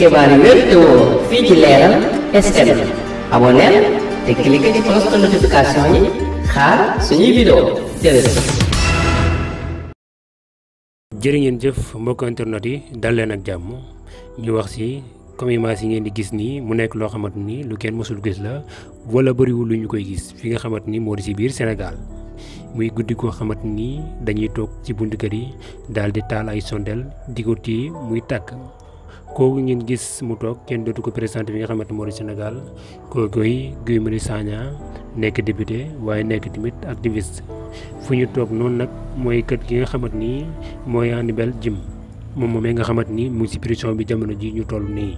Kembali to Vigilaran SM. Abonen, te klik di post notifikasinya. xaar suñuy vidéo jërëjëf. jërë ngeen jëf mbokk internet yi dal leen ak jàmm ñu wax ci comme image yi ngeen di gis nii mu nekk loo xamante ni lu kenn mësul gis la wala bëriwul lu ñu koy gis fi nga xamante ni moo di ci biir Sénégal muy guddi goo xamante ni dañuy toog ci buntu kër yi daal di taal ay sondel di ko téye muy tàkk. kooku ngeen gis mu toog kenn dootu ko présenté bi nga xamante moo di Sénégal kookoy Guy Marius Sagna nekk député waaye nekk tamit activiste fu ñu toog noonu nag mooy kët gi nga xamante ni mooy Hannibal Djim moom moomee nga xamante ni mu ngi bi jamono ji ñu toll nii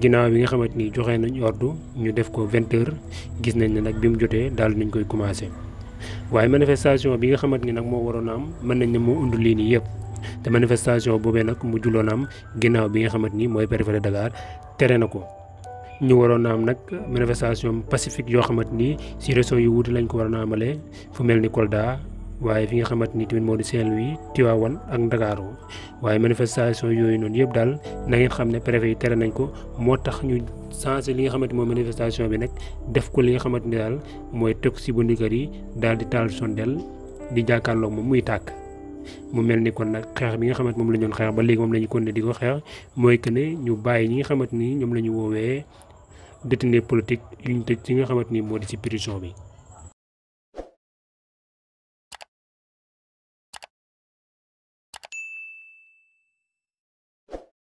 ginnaaw bi nga xamante ni joxe nañ ordre ñu def ko vingt heures gis nañ ne nag bi mu jotee daal nañ koy commencé waaye manifestation bi nga xamante ni nag moo waroon a am mën nañ ne moo undu lii nii yëpp te manifestation boobee nag mu julloon am ginnaaw bi nga xamante ni mooy préfet de Dakar tere na ko. ñu waroon am nag manifestation pacifique yoo xamante ni si réseau yi wuute lañ ko waroon a amalee fu mel ni Kolda waaye fi nga xamante ni tamit moo di Saint-Louis Tivaouane ak Ndakaaru waaye manifestation yooyu noonu yëpp daal na xam ne préfet yi tere nañ ko moo tax ñu changé li nga xamante moom manifestation bi nag def ko li nga xamante ni daal mooy teg si yi daal di taal sondeel di jàkkaarloo moom muy tàkk. mu mel ni kon nag xeex bi nga xamante moom la ñu doon xeex ba léegi moom la ñu kon ne di ko xeex mooy que ne ñu bàyyi ñi nga xamante ni ñoom la ñu woowee détenu politique yu ñu tëj ci nga xamante ni moo di ci prison bi.